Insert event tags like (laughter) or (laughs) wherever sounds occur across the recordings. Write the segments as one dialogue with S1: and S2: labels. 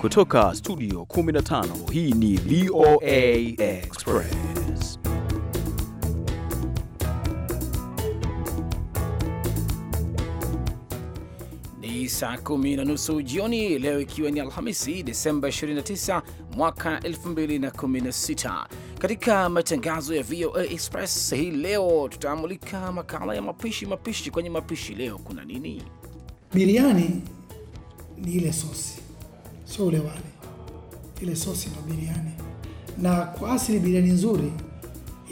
S1: Kutoka studio 15 hii ni VOA Express.
S2: Ni saa kumi na nusu jioni leo, ikiwa ni Alhamisi Desemba 29 mwaka 2016. Katika matangazo ya VOA Express hii leo tutaamulika makala ya mapishi mapishi. Kwenye mapishi leo kuna nini?
S3: Biriani ni ile sosi sio ule wali, ile sosi ndo biriani. Na kwa asili biriani nzuri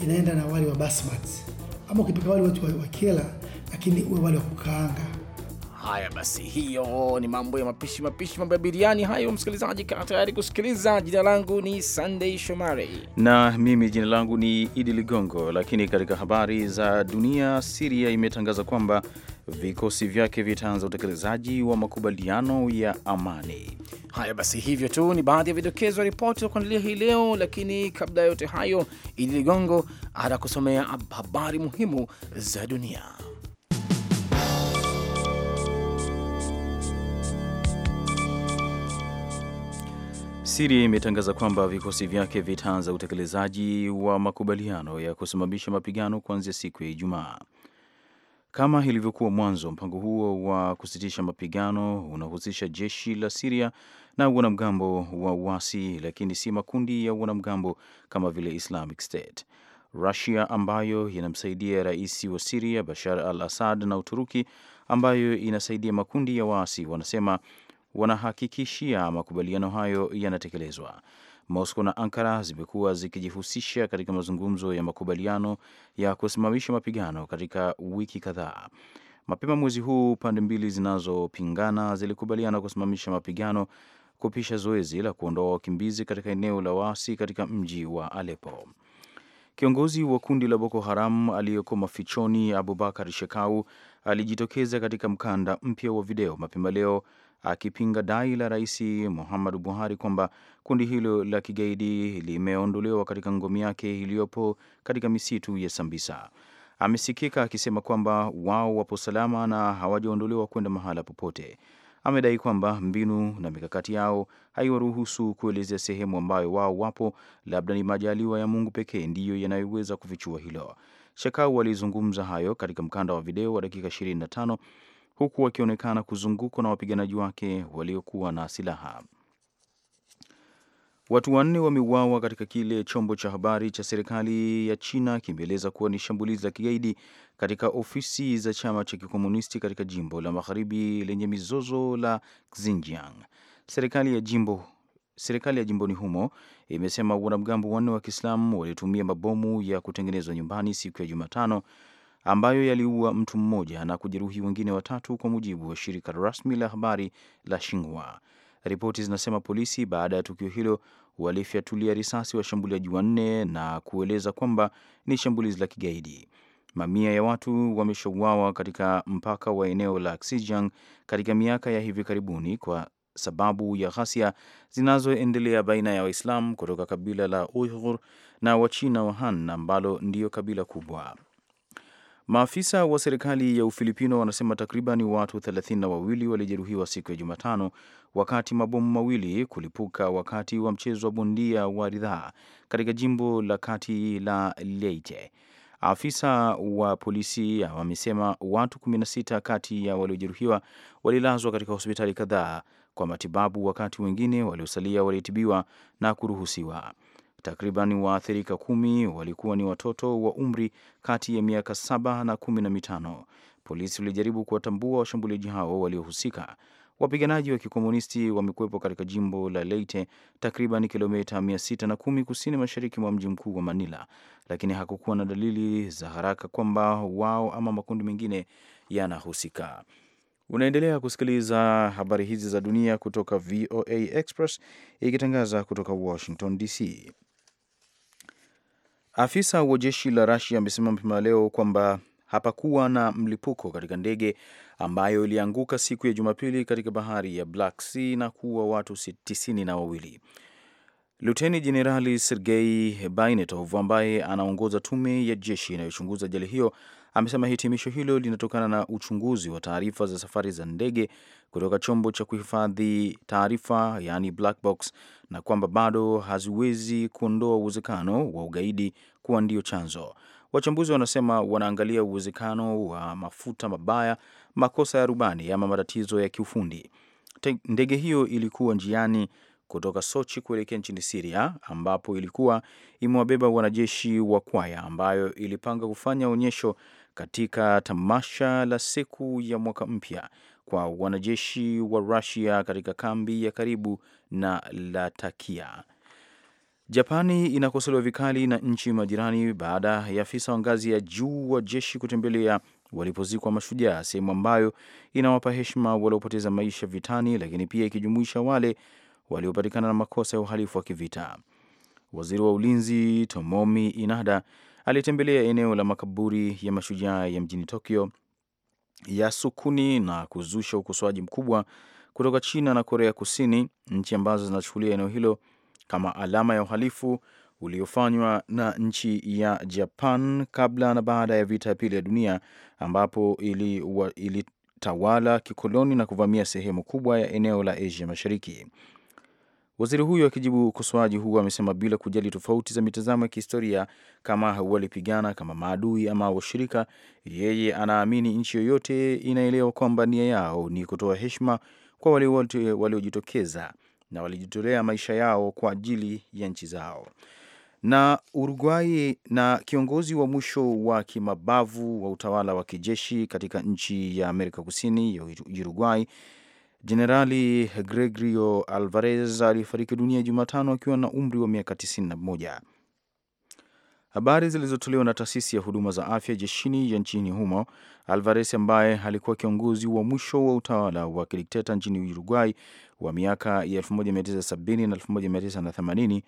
S3: inaenda na wali wa basmati, ama ukipika wali watu wa kiela, lakini uwe wali wa kukaanga.
S4: Haya
S2: basi, hiyo ni mambo ya mapishi mapishi, mambo ya biriani hayo. Msikilizaji kaa tayari kusikiliza. Jina langu ni Sunday Shomari
S1: na mimi jina langu ni Idi Ligongo. Lakini katika habari za dunia, Siria imetangaza kwamba vikosi vyake vitaanza utekelezaji wa makubaliano ya amani. Haya basi, hivyo tu ni baadhi ya vidokezo
S2: ripoti za kuandalia hii leo, lakini kabla ya yote hayo, Idi Ligongo atakusomea habari muhimu za dunia.
S1: Siria imetangaza kwamba vikosi vyake vitaanza utekelezaji wa makubaliano ya kusimamisha mapigano kuanzia siku ya Ijumaa. Kama ilivyokuwa mwanzo, mpango huo wa kusitisha mapigano unahusisha jeshi la Siria na wanamgambo wa uasi, lakini si makundi ya wanamgambo kama vile Islamic State. Rusia ambayo inamsaidia rais wa Siria Bashar al Assad na Uturuki ambayo inasaidia makundi ya waasi wanasema wanahakikishia makubaliano hayo yanatekelezwa. Moscow na Ankara zimekuwa zikijihusisha katika mazungumzo ya makubaliano ya kusimamisha mapigano katika wiki kadhaa. Mapema mwezi huu, pande mbili zinazopingana zilikubaliana kusimamisha mapigano kupisha zoezi la kuondoa wakimbizi katika eneo la waasi katika mji wa Aleppo. Kiongozi wa kundi la Boko Haram aliyeko mafichoni Abubakar Shekau alijitokeza katika mkanda mpya wa video mapema leo akipinga dai la Rais Muhammadu Buhari kwamba kundi hilo la kigaidi limeondolewa katika ngome yake iliyopo katika misitu ya Sambisa. Amesikika akisema kwamba wao wapo salama na hawajaondolewa kwenda mahala popote. Amedai kwamba mbinu na mikakati yao haiwaruhusu kuelezea sehemu ambayo wao wapo, labda ni majaliwa ya Mungu pekee ndiyo yanayoweza kufichua hilo. Shekau alizungumza hayo katika mkanda wa video wa dakika 25 huku wakionekana kuzungukwa na wapiganaji wake waliokuwa na silaha. Watu wanne wameuawa katika kile chombo cha habari cha serikali ya China kimeeleza kuwa ni shambulizi la kigaidi katika ofisi za chama cha kikomunisti katika jimbo la magharibi lenye mizozo la Xinjiang. Serikali ya jimbo serikali ya jimboni humo imesema wanamgambo wanne wa Kiislamu walitumia mabomu ya kutengenezwa nyumbani siku ya Jumatano ambayo yaliua mtu mmoja na kujeruhi wengine watatu, kwa mujibu wa shirika rasmi la habari la Xinhua. Ripoti zinasema polisi baada ya tukio hilo walifyatulia risasi washambuliaji wanne na kueleza kwamba ni shambulizi la kigaidi. Mamia ya watu wameshauawa katika mpaka wa eneo la Xinjiang katika miaka ya hivi karibuni kwa sababu ya ghasia zinazoendelea baina ya Waislamu kutoka kabila la Uyghur na Wachina wa Han ambalo ndiyo kabila kubwa. Maafisa wa serikali ya Ufilipino wanasema takriban watu thelathini na wawili walijeruhiwa siku ya Jumatano wakati mabomu mawili kulipuka wakati wa mchezo wa bondia wa ridhaa katika jimbo la kati la Leyte. Afisa wa polisi wamesema watu 16 kati ya waliojeruhiwa walilazwa katika hospitali kadhaa kwa matibabu, wakati wengine waliosalia walitibiwa na kuruhusiwa. Takriban waathirika kumi walikuwa ni watoto wa umri kati ya miaka saba na kumi na mitano. Polisi walijaribu kuwatambua washambuliaji hao waliohusika. Wapiganaji wa kikomunisti wamekuwepo katika jimbo la Leyte, takriban kilomita 610 kusini mashariki mwa mji mkuu wa Manila, lakini hakukuwa na dalili za haraka kwamba wao ama makundi mengine yanahusika. Unaendelea kusikiliza habari hizi za dunia kutoka VOA Express ikitangaza kutoka Washington DC. Afisa wa jeshi la Rasia amesema mapema leo kwamba hapakuwa na mlipuko katika ndege ambayo ilianguka siku ya Jumapili katika bahari ya Black Sea na kuua watu tisini na wawili. Luteni Jenerali Sergei Bainetov ambaye anaongoza tume ya jeshi inayochunguza ajali hiyo amesema hitimisho hilo linatokana na uchunguzi wa taarifa za safari za ndege kutoka chombo cha kuhifadhi taarifa, yaani black box, na kwamba bado haziwezi kuondoa uwezekano wa ugaidi kuwa ndio chanzo. Wachambuzi wanasema wanaangalia uwezekano wa mafuta mabaya, makosa ya rubani ama matatizo ya kiufundi. Ndege hiyo ilikuwa njiani kutoka Sochi kuelekea nchini Siria ambapo ilikuwa imewabeba wanajeshi wa kwaya ambayo ilipanga kufanya onyesho katika tamasha la siku ya mwaka mpya kwa wanajeshi wa Rusia katika kambi ya karibu na Latakia. Japani inakosolewa vikali na nchi majirani baada ya afisa wa ngazi ya juu wa jeshi kutembelea walipozikwa mashujaa, sehemu ambayo inawapa heshima waliopoteza maisha vitani, lakini pia ikijumuisha wale waliopatikana na makosa ya uhalifu wa kivita. Waziri wa ulinzi Tomomi Inada alitembelea eneo la makaburi ya mashujaa ya mjini Tokyo ya sukuni na kuzusha ukosoaji mkubwa kutoka China na Korea Kusini, nchi ambazo zinachukulia eneo hilo kama alama ya uhalifu uliofanywa na nchi ya Japan kabla na baada ya vita ya pili ya dunia, ambapo ilitawala ili kikoloni na kuvamia sehemu kubwa ya eneo la Asia Mashariki. Waziri huyo akijibu ukosoaji huo amesema bila kujali tofauti za mitazamo ya kihistoria kama walipigana kama maadui ama washirika, yeye anaamini nchi yoyote inaelewa kwamba nia yao ni kutoa heshima kwa wale wote waliojitokeza na walijitolea maisha yao kwa ajili ya nchi zao. Na Uruguay na kiongozi wa mwisho wa kimabavu wa utawala wa kijeshi katika nchi ya Amerika Kusini ya Uruguay Jenerali Gregorio Alvarez alifariki dunia Jumatano akiwa na umri wa miaka 91. Habari zilizotolewa na taasisi ya huduma za afya jeshini ya nchini humo, Alvarez ambaye alikuwa kiongozi wa mwisho wa utawala wa kidikteta nchini Uruguay wa miaka ya 1970 na 1980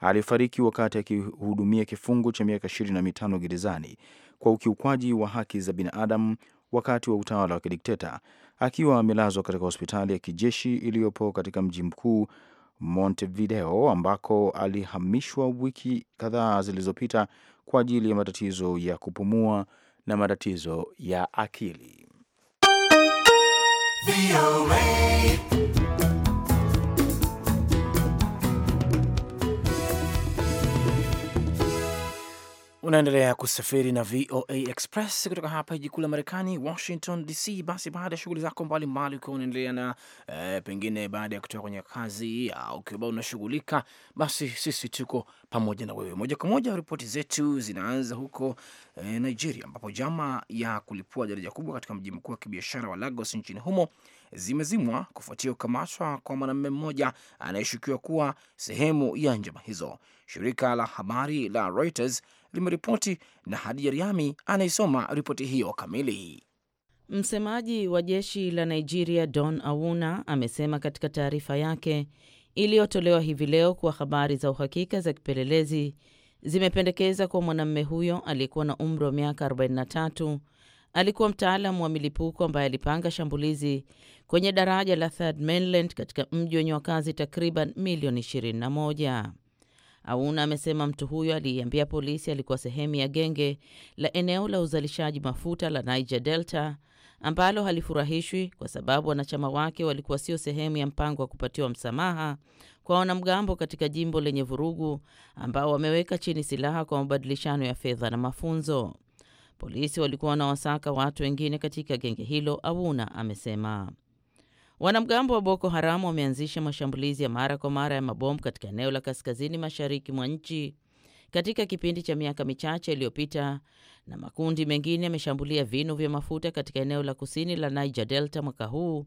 S1: alifariki wakati akihudumia kifungo cha miaka 25 gerezani kwa ukiukwaji wa haki za binadamu wakati wa utawala wa kidikteta akiwa amelazwa katika hospitali ya kijeshi iliyopo katika mji mkuu Montevideo, ambako alihamishwa wiki kadhaa zilizopita kwa ajili ya matatizo ya kupumua na matatizo ya akili.
S2: Unaendelea kusafiri na VOA Express kutoka hapa jiji kuu la Marekani, Washington DC. Basi baada ya shughuli zako mbalimbali, ukiwa unaendelea na eh, pengine baada ya kutoka kwenye kazi au ukiwa unashughulika, basi sisi tuko pamoja na wewe moja kwa moja. Ripoti zetu zinaanza huko eh, Nigeria, ambapo jama ya kulipua daraja kubwa katika mji mkuu wa kibiashara wa Lagos nchini humo zimezimwa kufuatia kukamatwa kwa mwanamume mmoja anayeshukiwa kuwa sehemu ya njama hizo. Shirika la habari la Reuters limeripoti, na Hadija Riami anayesoma ripoti hiyo kamili.
S5: Msemaji wa jeshi la Nigeria Don Awuna amesema katika taarifa yake iliyotolewa hivi leo kuwa habari za uhakika za kipelelezi zimependekeza kuwa mwanamume huyo aliyekuwa na umri wa miaka 43 alikuwa mtaalamu wa milipuko ambaye alipanga shambulizi kwenye daraja la Third Mainland katika mji wenye wakazi takriban milioni 21. Auna amesema mtu huyo aliiambia polisi alikuwa sehemu ya genge la eneo la uzalishaji mafuta la Niger Delta ambalo halifurahishwi kwa sababu wanachama wake walikuwa sio sehemu ya mpango wa kupatiwa msamaha kwa wanamgambo katika jimbo lenye vurugu ambao wameweka chini silaha kwa mabadilishano ya fedha na mafunzo. Polisi walikuwa wanawasaka watu wengine katika genge hilo, Auna amesema. Wanamgambo wa Boko haram wameanzisha mashambulizi ya mara kwa mara ya mabomu katika eneo la kaskazini mashariki mwa nchi katika kipindi cha miaka michache iliyopita, na makundi mengine yameshambulia vinu vya mafuta katika eneo la kusini la Niger Delta mwaka huu,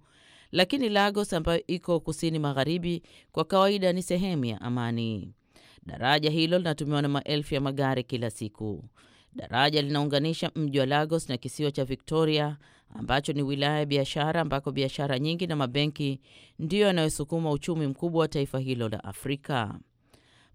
S5: lakini Lagos ambayo iko kusini magharibi kwa kawaida ni sehemu ya amani. Daraja hilo linatumiwa na maelfu ya magari kila siku. Daraja linaunganisha mji wa Lagos na kisiwa cha Victoria ambacho ni wilaya ya biashara ambako biashara nyingi na mabenki ndiyo yanayosukuma uchumi mkubwa wa taifa hilo la Afrika.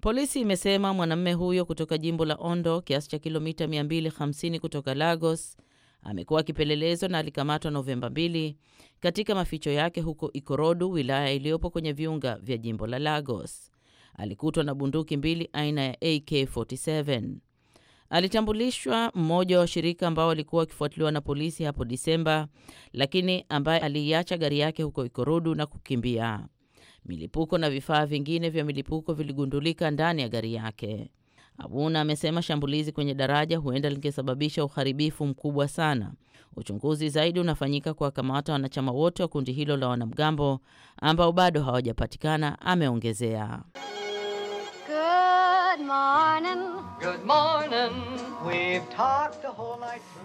S5: Polisi imesema mwanamume huyo kutoka jimbo la Ondo, kiasi cha kilomita 250 kutoka Lagos, amekuwa akipelelezwa na alikamatwa Novemba 2 katika maficho yake huko Ikorodu, wilaya iliyopo kwenye viunga vya jimbo la Lagos. Alikutwa na bunduki mbili aina ya AK47. Alitambulishwa mmoja wa washirika ambao walikuwa wakifuatiliwa na polisi hapo Disemba, lakini ambaye aliiacha gari yake huko ikorudu na kukimbia. Milipuko na vifaa vingine vya milipuko viligundulika ndani ya gari yake. Abuna amesema shambulizi kwenye daraja huenda lingesababisha uharibifu mkubwa sana. Uchunguzi zaidi unafanyika kuwakamata wanachama wote wa kundi hilo la wanamgambo ambao bado hawajapatikana, ameongezea.
S4: Good morning.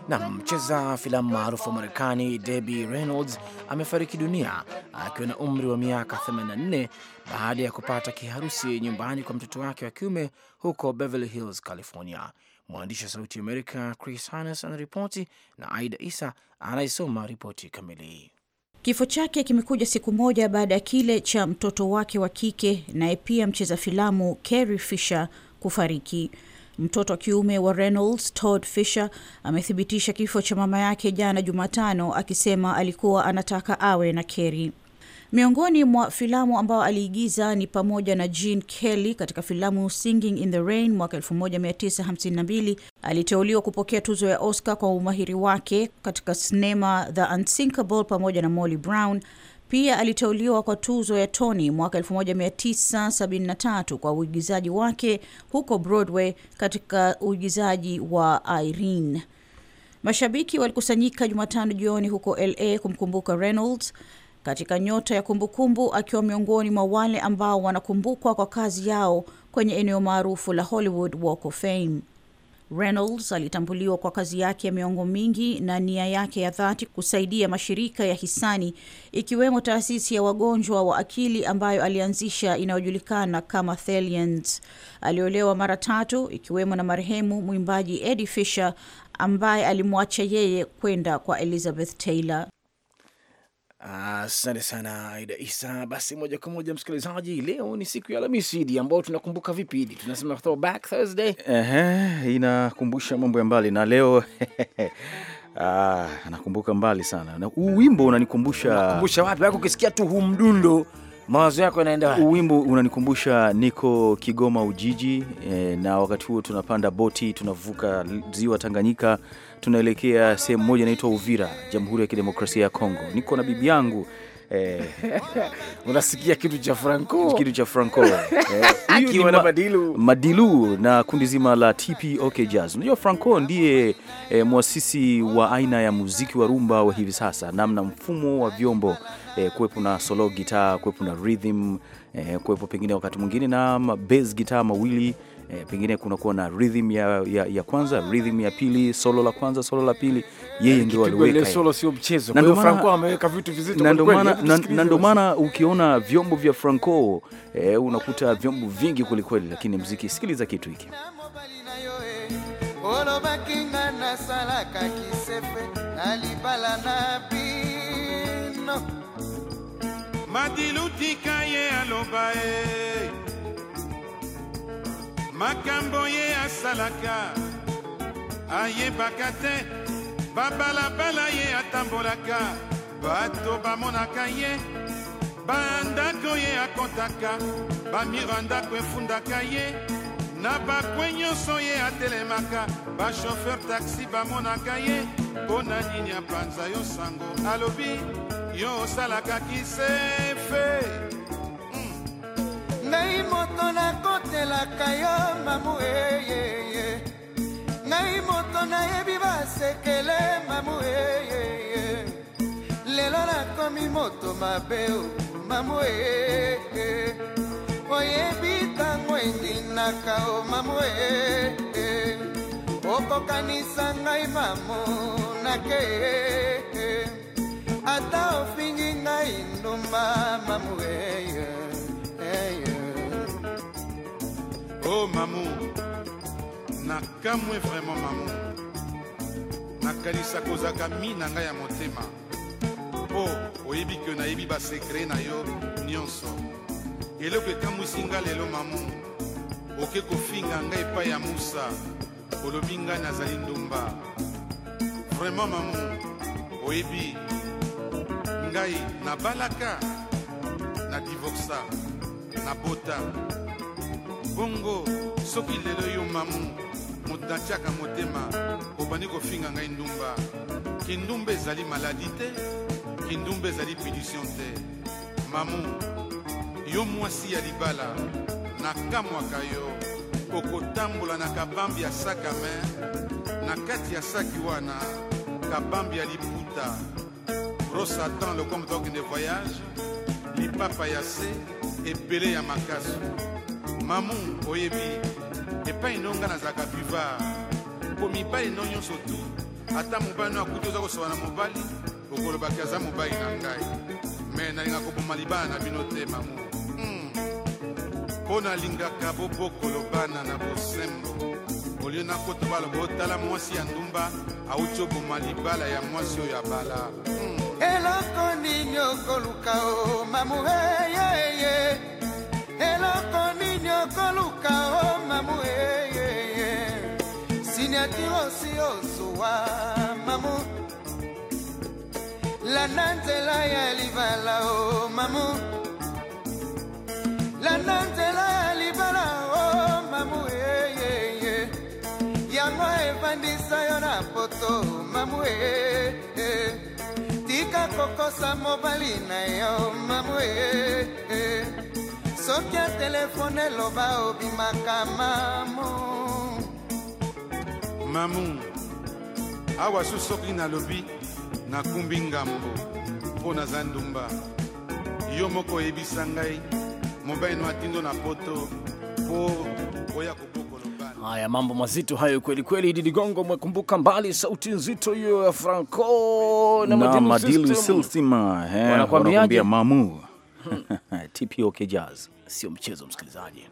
S2: Na mcheza filamu maarufu wa Marekani Debbie Reynolds amefariki dunia akiwa na umri wa miaka 84 baada ya kupata kiharusi nyumbani kwa mtoto wake wa kiume huko Beverly Hills, California. Mwandishi wa Sauti Amerika Chris Hannes anaripoti na Aida Isa anaisoma ripoti kamili. Kifo chake
S6: kimekuja siku moja baada ya kile cha mtoto wake wa kike naye pia mcheza filamu Carrie Fisher kufariki. Mtoto wa kiume wa Reynolds, Todd Fisher, amethibitisha kifo cha mama yake jana Jumatano, akisema alikuwa anataka awe na kerry Miongoni mwa filamu ambao aliigiza ni pamoja na Gene Kelly katika filamu Singing in the Rain mwaka 1952. Aliteuliwa kupokea tuzo ya Oscar kwa umahiri wake katika sinema The Unsinkable pamoja na Molly Brown pia aliteuliwa kwa tuzo ya Tony mwaka 1973 kwa uigizaji wake huko Broadway katika uigizaji wa Irene. Mashabiki walikusanyika Jumatano jioni huko LA kumkumbuka Reynolds katika nyota ya kumbukumbu kumbu, akiwa miongoni mwa wale ambao wanakumbukwa kwa kazi yao kwenye eneo maarufu la Hollywood Walk of Fame. Reynolds alitambuliwa kwa kazi yake ya miongo mingi na nia yake ya dhati kusaidia mashirika ya hisani ikiwemo taasisi ya wagonjwa wa akili ambayo alianzisha inayojulikana kama Thelians. Aliolewa mara tatu ikiwemo na marehemu mwimbaji Eddie Fisher ambaye alimwacha yeye kwenda kwa Elizabeth Taylor.
S2: Asante sana Aida Isa. Basi moja kwa moja msikilizaji, leo ni siku ya Alhamisi Idi ambayo tunakumbuka vipi Idi? Tunasema throwback Thursday.
S1: Uh, inakumbusha mambo ya mbali na leo (laughs) Ah, nakumbuka mbali sana. Na huu wimbo unanikumbusha. Unakumbusha wapi? Wako
S2: ukisikia tu huu mdundo
S1: mawazo yako yanaenda wapi? Huu wimbo unanikumbusha niko Kigoma Ujiji eh, na wakati huo tunapanda boti tunavuka ziwa Tanganyika tunaelekea sehemu moja inaitwa Uvira, Jamhuri ya Kidemokrasia ya Kongo. Niko na bibi yangu Eh, (laughs) unasikia kitu cha Franco, kitu cha Franco eh, (laughs) na madilu. Madilu na kundi zima la TP OK Jazz. Unajua Franco ndiye eh, mwasisi wa aina ya muziki wa rumba wa hivi sasa, namna mfumo wa vyombo eh, kuwepo na solo guitar, kuwepo na rhythm eh, kuwepo pengine wakati mwingine na bass guitar mawili e, pengine kunakuwa na rhythm ya, ya, ya kwanza rhythm ya pili, solo la kwanza, solo la pili, yeye eh, ndio aliweka. Solo sio mchezo, Franco
S2: ameweka vitu vizito, na ndio maana
S1: ukiona vyombo vya Franco e, unakuta vyombo vingi kwelikweli, lakini mziki, sikiliza kitu hiki
S7: alobae makambo ye asalaka ayebaka te babalabala ye atambolaka bato bamonaka ye bandako ye akɔtaka bamiro ya ndako efundaka ye na bakwe nyonso ye atelemaka bashofer taxi bamonaka ye mpo na nini apanza yo sango alobi yo osalaka kisefe ngai moto nakotelaka
S8: yo mamu eyeye eh, eh, eh. ngai moto nayebi basekele mamu eyeye lelo nakomi moto mabe mamu eyeye oyebi ntango endinaka o mamu eyeye okokanisa ngai mamu nakeye ata ofingi ngai
S7: ndumba mamu eyeye o oh, mamu nakamwe vraiment mamu nakanisa kozaka mi na ngai ya motema mpo oyebi ke nayebi basekre na yo nyonso eloko ekamwisi nga lelo mamu oke kofinga ngai epai ya musa olobi ngai nazali ndumba vraiment mamu oyebi ngai nabalaka nadivorsa nabota bongo soki lelo yo mamu moto atiaka motema obandi kofinga ngai ndumba kindumba ezali maladi te kindumba ezali punition te mamu yo mwasi ya libala nakamwaka yo okotambola na kabambi ya sakame na kati ya saki wana kabambi ya liputa rosatan lokomoto akende voyage lipapa ya se ebele ya makasu mamu oyebi epai nonga nazalaka buvard mpo mibali no nyonso tu ata mobali no akuti oza kosoba na mobali okolobaki aza mobali na ngai me nalinga koboma libala na bino te mamu mpo hmm. nalingaka bobokolo bana na bosembo olio nakota baloba otala mwasi ya ndumba awuti oboma libala ya mwasi oyo abala
S8: hmm. eloko nini okoluka o mamu eyeye eloko nini okoluka o oh, mamu eyeye eh, eh, eh. siniatirosi ozuwa oh, mamu landa nzela ya libala o oh, mamu landa nzela ya libala o mamu eyeye yango evandisa yo na poto mamu eyeye tika kokosa mobali na yo mamu eyeye soki atelefone eloba obimaka mamo
S7: mamu awa su soki nalobi nakumbi ngambo mpo naza ndumba yo moko oyebisa ngai mobaino atindo na poto mpo oya
S2: Haya, mambo mazito hayo kweli kweli. Didi Gongo, mwekumbuka mbali sauti nzito hiyo ya Franco na, na Madilu System
S1: eh, wanakuambia mamu Hmm. (laughs) TPOK Jazz sio mchezo, msikilizaji.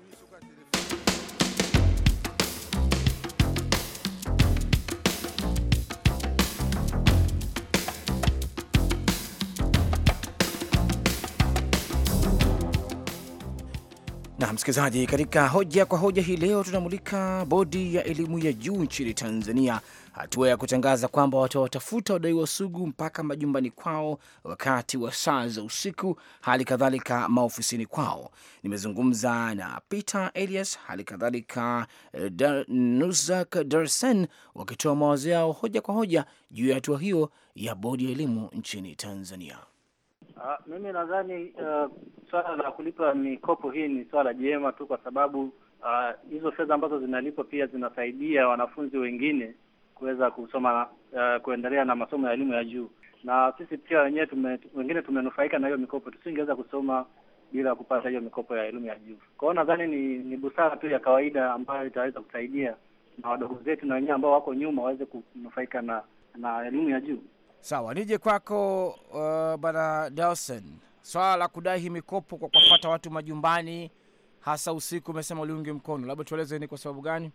S2: na msikilizaji, katika hoja kwa hoja hii leo tunamulika bodi ya elimu ya juu nchini Tanzania, hatua ya kutangaza kwamba watawatafuta wadaiwa sugu mpaka majumbani kwao wakati wa saa za usiku, hali kadhalika maofisini kwao. Nimezungumza na Peter Elias, hali kadhalika eh, Dar, Nuzak Darsen wakitoa mawazo yao hoja kwa hoja juu ya hatua hiyo ya bodi ya elimu nchini Tanzania.
S9: Ah, mimi nadhani uh, swala la kulipa mikopo hii ni swala jema tu, kwa sababu ah, hizo uh, fedha ambazo zinalipwa pia zinasaidia wanafunzi wengine kuweza kusoma uh, kuendelea na masomo ya elimu ya juu, na sisi pia wenyewe tume, wengine tumenufaika na hiyo mikopo, tusingeweza kusoma bila kupata hiyo mikopo ya elimu ya juu. Kwa hiyo nadhani ni, ni busara tu ya kawaida ambayo itaweza kusaidia na wadogo zetu na wenyewe ambao wako nyuma waweze kunufaika na na elimu ya juu.
S2: Sawa, nije kwako uh, bwana Dawson, swala la kudai hii mikopo kwa kuwafuata watu majumbani hasa usiku, umesema uliungi mkono, labda tueleze ni kwa sababu gani?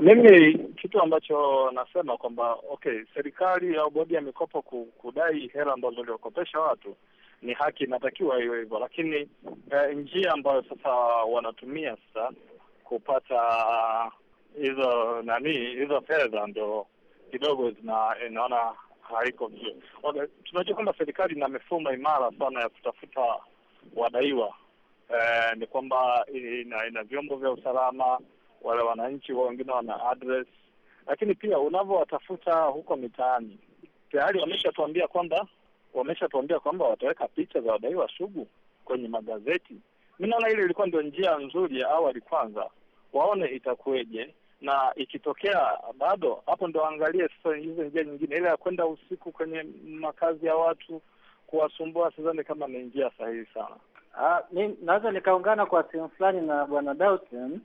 S4: Mimi kitu ambacho nasema kwamba okay, serikali au bodi ya mikopo kudai hela ambazo waliokopesha watu ni haki, inatakiwa hiyo hivyo, lakini eh, njia ambayo sasa wanatumia sasa kupata hizo nani hizo fedha ndo kidogo zina inaona eh, haiko hiyo. Tunajua kwamba serikali ina mifumo imara sana ya kutafuta wadaiwa e, ni kwamba ina, ina vyombo vya usalama, wale wananchi wengine wana address, lakini pia unavyowatafuta huko mitaani tayari wameshatuambia kwamba wameshatuambia kwamba wataweka picha za wadaiwa sugu kwenye magazeti. Mi naona ile ilikuwa ndio njia nzuri ya awali, kwanza waone itakuweje na ikitokea bado hapo, ndo angalie sasa hizo njia nyingine. Ile ya kwenda usiku kwenye makazi ya watu kuwasumbua, sizani kama ni njia sahihi sana. Ah, mi naweza nikaungana kwa sehemu fulani na bwana Dalton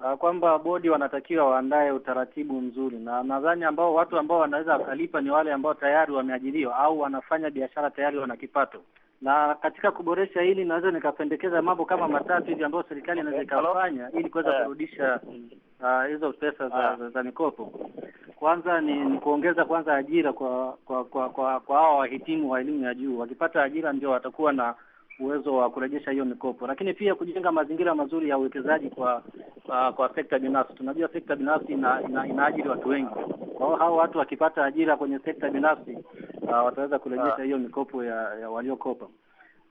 S9: ah, kwamba bodi wanatakiwa waandae utaratibu mzuri, na nadhani ambao watu ambao wanaweza wakalipa ni wale ambao tayari wameajiriwa au wanafanya biashara tayari wana kipato na katika kuboresha hili naweza nikapendekeza mambo kama matatu hivi ambayo serikali inaweza ikafanya ili kuweza eh. kurudisha mm. ah, hizo uh, pesa za, ah. za, za mikopo. Kwanza ni, ni kuongeza kwanza ajira kwa kwa kwa kwa, wahitimu wa elimu ya juu. Wakipata ajira ndio watakuwa na uwezo wa kurejesha hiyo mikopo, lakini pia kujenga mazingira mazuri ya uwekezaji kwa uh, kwa sekta binafsi. Tunajua sekta binafsi ina, ina, inaajiri watu wengi. Kwa hiyo hao watu wakipata ajira kwenye sekta binafsi uh, wataweza kurejesha hiyo mikopo ya, ya waliokopa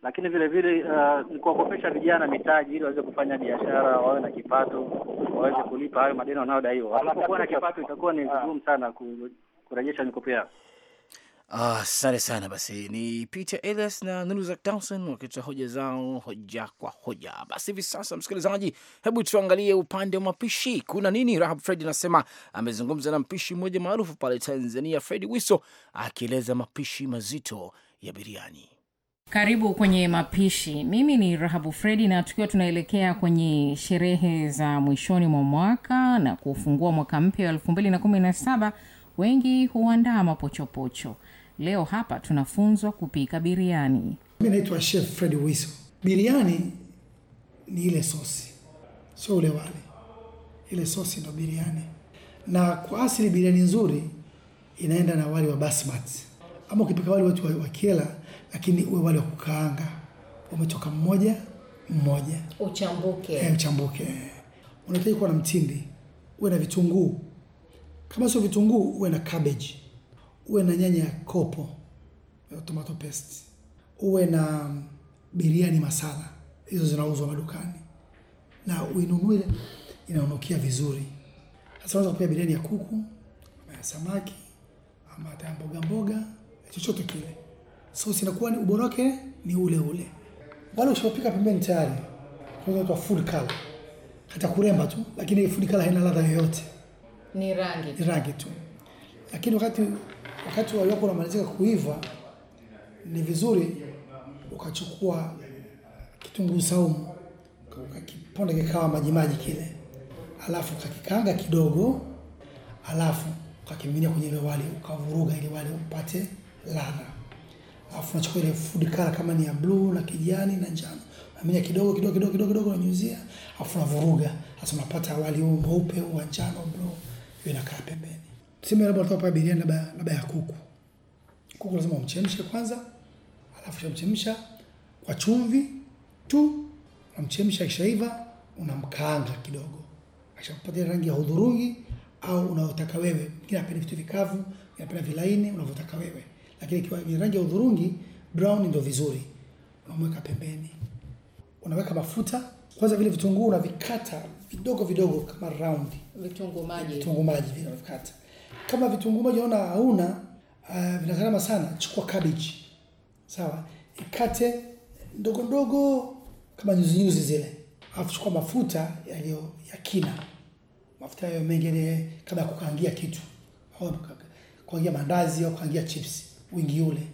S9: lakini vile vile uh, ni kuwakopesha vijana mitaji ili waweze kufanya biashara, wawe na kipato, waweze kulipa hayo madeni wanayodaiwa. Wanapokuwa na kipato, itakuwa ni vigumu sana kurejesha mikopo yao.
S2: Ah, asante uh, sana. Basi ni Peter Elias na Nuruzak Dawson wakitoa hoja zao hoja kwa hoja. Basi hivi sasa, msikilizaji, hebu tuangalie upande wa mapishi, kuna nini? Rahab Fredi anasema amezungumza na mpishi mmoja maarufu pale Tanzania, Fredi Wiso, akieleza mapishi mazito ya biriani.
S5: Karibu kwenye mapishi. Mimi ni Rahabu Fredi, na tukiwa tunaelekea kwenye sherehe za mwishoni mwa mwaka na kufungua mwaka mpya wa elfu mbili na kumi na saba, wengi huandaa mapochopocho Leo hapa tunafunzwa kupika biriani.
S3: Mi naitwa Chef Fred Wiso. Biriani ni ile sosi, sio ule wali. Ile sosi ndo biriani, na kwa asili biriani nzuri inaenda na wali wa basmati, ama ukipika wali watu wa kiela, lakini uwe wali wa kukaanga umetoka mmoja mmoja, uchambuke eh, uchambuke. Unahitaji kuwa na mtindi, uwe na vitunguu, kama sio vitunguu uwe na cabbage uwe na nyanya ya kopo ya tomato paste, uwe na mm, biriani masala, hizo zinauzwa madukani na uinunue, inaonukia vizuri. Sasa unaweza kupika biriani ya kuku ya samaki ama hata mboga mboga, chochote kile, So sinakuwa ni ubora wake ni ule ule. Wale ushopika pembeni tayari, kwa full color, hata kuremba tu, lakini full color haina ladha yoyote, ni rangi, ni rangi tu, lakini wakati wakati walioko unamalizika kuiva, ni vizuri ukachukua kitunguu saumu ukakiponda kikawa maji maji kile, alafu ukakikanga kidogo, alafu ukakimiminia kwenye ile wali, ukavuruga ile wali upate ladha. Alafu unachukua ile food color kama ni ya blue na kijani na njano, unaminya kidogo kidogo kidogo kidogo kidogo, unanyunyizia, alafu unavuruga, hasa unapata wali huu mweupe huu wa njano blue, hiyo inakaa pembeni tuseme labda unataka kupika biriani labda labda ya kuku. Kuku lazima umchemshe kwanza, alafu ushamchemsha kwa chumvi tu, unamchemsha kishaiva, unamkaanga kidogo, akishapatia rangi ya hudhurungi au unayotaka wewe. Mwingine anapenda vitu vikavu, anapenda vilaini, unavyotaka wewe, lakini ikiwa ni rangi ya hudhurungi brown ndio vizuri, unamweka pembeni. Unaweka mafuta kwanza, vile vitunguu unavikata vidogo vidogo kama round, vitunguu maji, vitunguu maji vile unavikata kama vitunguu moja unaona hauna uh, vina gharama sana, chukua cabbage, sawa, ikate ndogo ndogo kama nyuzi nyuzi zile, alafu chukua mafuta yaliyo ya kina, mafuta hayo mengi ni kama ya kukaangia kitu au kukaangia mandazi au kukaangia chips, wingi ule,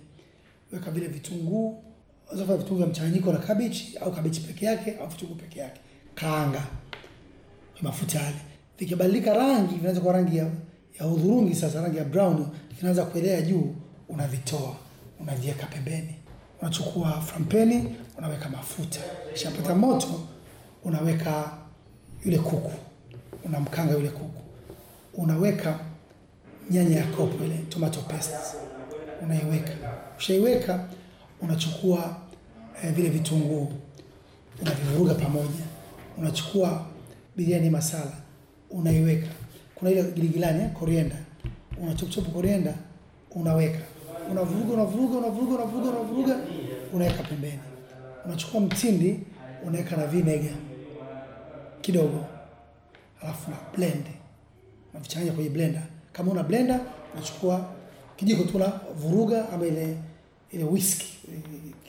S3: weka vile vitunguu Unaweza vitunguu vya mchanganyiko na kabichi au kabichi peke yake au vitunguu peke yake, kaanga mafuta yale, vikibadilika rangi, vinaanza kuwa rangi ya ya hudhurungi, sasa rangi ya brown inaanza kuelea juu, unavitoa unaviweka pembeni, unachukua frampeni unaweka mafuta, ishapata moto, unaweka yule kuku, unamkanga yule kuku, unaweka nyanya ya kopo ile tomato paste unaiweka, ushaiweka, unachukua eh, vile vitunguu unavivuruga pamoja, unachukua biriani masala unaiweka kuna ile giligilani eh, coriander. Unachopchopa korienda, unaweka. Unavuruga unavuruga unavuruga unavuruga unavuruga unaweka pembeni. Unachukua mtindi unaweka na vinega kidogo. Alafu na blend. Unavichanganya kwenye blender. Kama una blender unachukua kijiko tu la vuruga ama ile ile whisky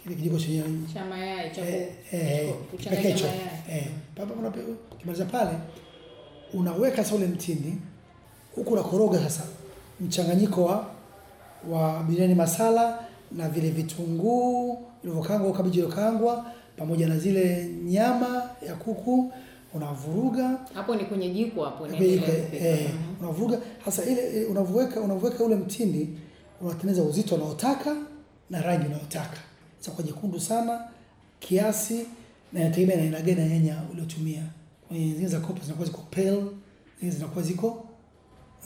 S3: kile eh, kijiko chenye cha mayai cha eh, eh, eh, kuchanganya mayai. Eh, papa unapeka kimaliza pale unaweka sasa ule mtindi huku unakoroga sasa mchanganyiko wa wa biriani masala na vile vitunguu vilivyokangwa au kabeji iliyokangwa pamoja na zile nyama ya kuku unavuruga. Hapo ni kwenye
S1: jiko hapo ni. Eh, mhm.
S3: unavuruga hasa ile eh, unavuweka unavuweka ule mtindi unatengeneza uzito unaotaka na rangi unayotaka. Sasa kwa jekundu sana kiasi na inategemea na aina gani ya nyanya uliotumia. Eh, zile za kopo zinakuwa ziko pale, zingine eh, zinakuwa ziko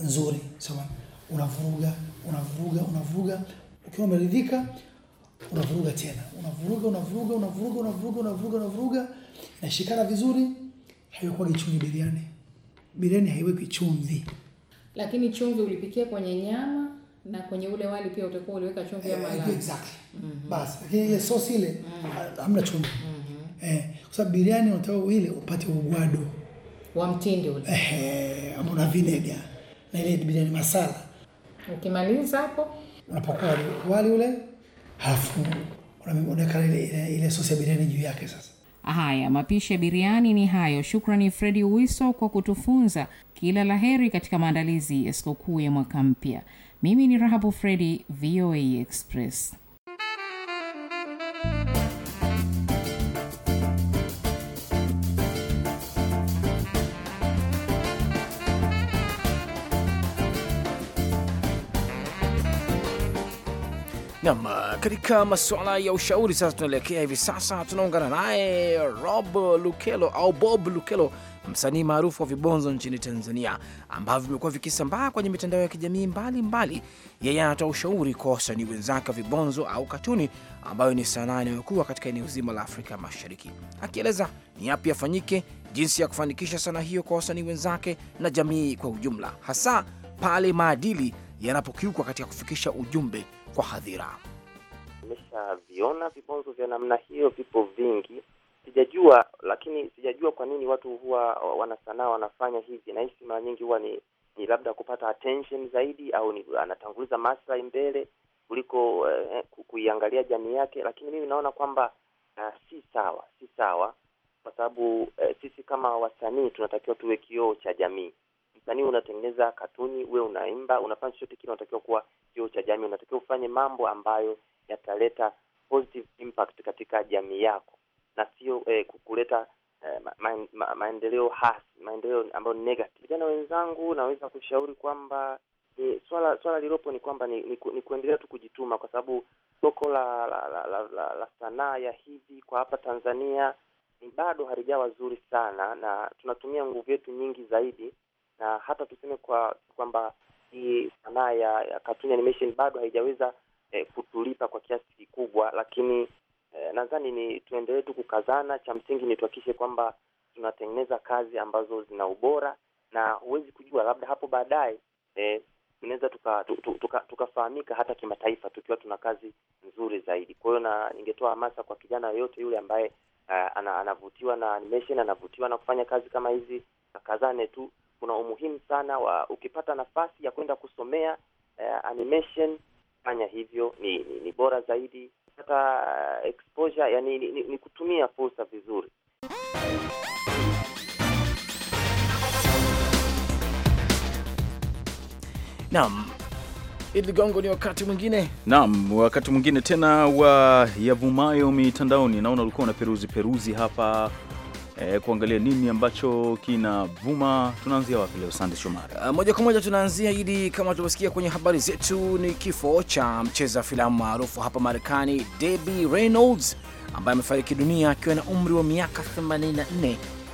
S3: nzuri. Sawa, unavuruga unavuruga unavuruga, ukiwa umeridhika unavuruga tena, unavuruga unavuruga unavuruga unavuruga unavuruga unavuruga, inashikana vizuri, haiwekwa chumvi biriani. Biriani haiweki chumvi,
S5: lakini chumvi ulipikia kwenye nyama na kwenye
S9: ule wali pia utakuwa uliweka chumvi ya la? Eh, exactly,
S3: mhm. basi. Lakini ile sauce ile mhm. hamna chumvi mhm. eh kwa sababu biriani unataka ile upate ugwado wa mtindi ule eh, ambao na vinega na ile biriani masala. Ukimaliza hapo unapokuwa wali ule, halafu unaweka ile, ile, ile sosi ya biriani juu yake sasa.
S5: Haya, mapishi ya biriani ni hayo. Shukrani Fredi Wiso kwa kutufunza. Kila la heri katika maandalizi ya sikukuu ya mwaka mpya. Mimi ni Rahabu Fredi, VOA Express.
S2: Nam, katika masuala ya ushauri sasa, tunaelekea hivi sasa, tunaungana naye Rob Lukelo au Bob Lukelo, msanii maarufu wa vibonzo nchini Tanzania, ambavyo vimekuwa vikisambaa kwenye mitandao ya kijamii mbalimbali. Yeye anatoa ushauri kwa wasanii wenzake vibonzo au katuni, ambayo ni sanaa inayokuwa katika eneo zima la Afrika Mashariki, akieleza ni yapi yafanyike, jinsi ya kufanikisha sanaa hiyo kwa wasanii wenzake na jamii kwa ujumla, hasa pale maadili yanapokiukwa katika kufikisha ujumbe kwa hadhira.
S10: Nimeshaviona vibonzo vya namna hiyo, vipo vingi, sijajua lakini sijajua kwa nini watu huwa wanasanaa wanafanya hivi, na hisi mara nyingi huwa ni, ni labda kupata attention zaidi, au ni anatanguliza maslahi mbele kuliko eh, kuiangalia jamii yake, lakini mimi naona kwamba eh, si sawa, si sawa kwa sababu eh, sisi kama wasanii tunatakiwa tuwe kioo cha jamii. Msanii unatengeneza katuni, uwe unaimba, unafanya chochote kile, unatakiwa kuwa kiu cha jamii, unatakiwa ufanye mambo ambayo yataleta positive impact katika jamii yako na sio eh, kuleta eh, ma, ma, maendeleo hasi, maendeleo ambayo negative. Vijana wenzangu, naweza kushauri kwamba ni eh, swala swala lilopo ni kwamba ni, ni, ni kuendelea tu kujituma, kwa sababu soko la la, la, la, la, la sanaa ya hivi kwa hapa Tanzania ni bado halijawa zuri sana, na tunatumia nguvu yetu nyingi zaidi, na hata tuseme kwa kwamba hii sanaa ya, ya cartoon animation bado haijaweza eh, kutulipa kwa kiasi kikubwa, lakini eh, nadhani ni tuendelee tu kukazana. Cha msingi ni tuhakikishe kwamba tunatengeneza kazi ambazo zina ubora, na huwezi kujua, labda hapo baadaye eh, tunaweza tukafahamika tuka, tuka, tuka hata kimataifa tukiwa tuna kazi nzuri zaidi. Kwa hiyo na ningetoa hamasa kwa kijana yoyote yule ambaye uh, anavutiwa na animation, anavutiwa na kufanya kazi kama hizi, akazane tu kuna umuhimu sana wa ukipata nafasi ya kwenda kusomea uh, animation, fanya hivyo, ni, ni, ni bora zaidi uh, exposure, yani ni, ni, ni kutumia fursa vizuri.
S2: Naam. Idi Ligongo, ni wakati mwingine.
S1: Naam, wakati mwingine tena wa yavumayo mitandaoni. Naona ulikuwa unaperuzi peruzi hapa eh, kuangalia nini ambacho kinavuma. Tunaanzia wapi leo, Sande Shomari?
S2: Ah, moja kwa moja tunaanzia hili, kama tulivyosikia kwenye habari zetu, ni kifo cha mcheza filamu maarufu hapa Marekani Debbie Reynolds ambaye amefariki dunia akiwa na umri wa miaka 84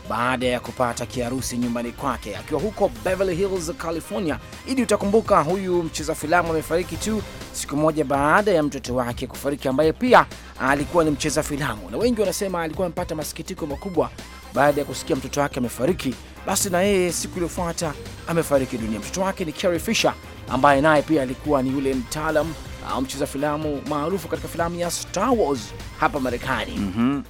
S2: baada ya kupata kiharusi nyumbani kwake akiwa huko Beverly Hills, California. Ili utakumbuka huyu mcheza filamu amefariki tu siku moja baada ya mtoto wake kufariki, ambaye pia alikuwa ni mcheza filamu, na wengi wanasema alikuwa amepata masikitiko makubwa baada ya kusikia mtoto wake amefariki, basi na yeye siku iliyofuata amefariki dunia. Mtoto wake ni Carrie Fisher ambaye naye pia alikuwa ni yule mtaalam au mcheza filamu maarufu katika filamu ya Star Wars hapa Marekani. mm -hmm.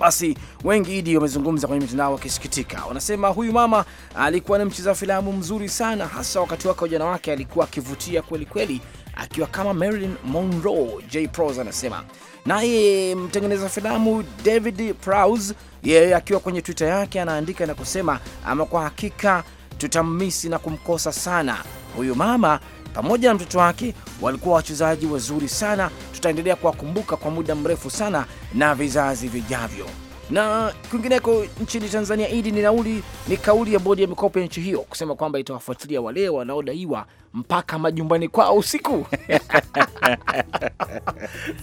S2: Basi wengi idi wamezungumza kwenye mitandao wakisikitika, wanasema huyu mama alikuwa ni mcheza filamu mzuri sana, hasa wakati wake ujana wake alikuwa akivutia kweli kweli, akiwa kama Marilyn Monroe. J Pros anasema naye mtengeneza filamu David Prowse yeye akiwa kwenye Twitter yake anaandika na kusema, ama kwa hakika tutammisi na kumkosa sana huyu mama pamoja na mtoto wake walikuwa wachezaji wazuri sana, tutaendelea kuwakumbuka kwa muda mrefu sana na vizazi vijavyo. Na kwingineko nchini Tanzania, idi ni nauli ni kauli ya bodi ya mikopo ya nchi hiyo kusema kwamba itawafuatilia wale wanaodaiwa mpaka majumbani kwao usiku.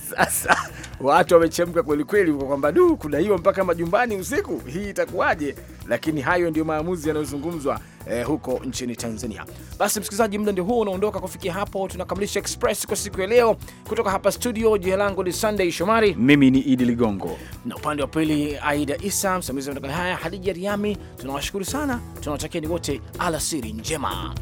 S2: (laughs) Sasa watu wamechemka kwelikweli kwamba du, kudaiwa mpaka majumbani usiku, hii itakuwaje? Lakini hayo ndio maamuzi yanayozungumzwa eh, huko nchini Tanzania. Basi msikilizaji, muda ndio huo unaondoka kufikia hapo, tunakamilisha Express kwa siku ya leo kutoka hapa studio. Jina langu ni Sunday Shomari, mimi ni Idi Ligongo na upande wa pili Aida Isa, msimamizi wa matangazo haya Hadija Riami. Tunawashukuru sana, tunawatakia ni wote alasiri njema.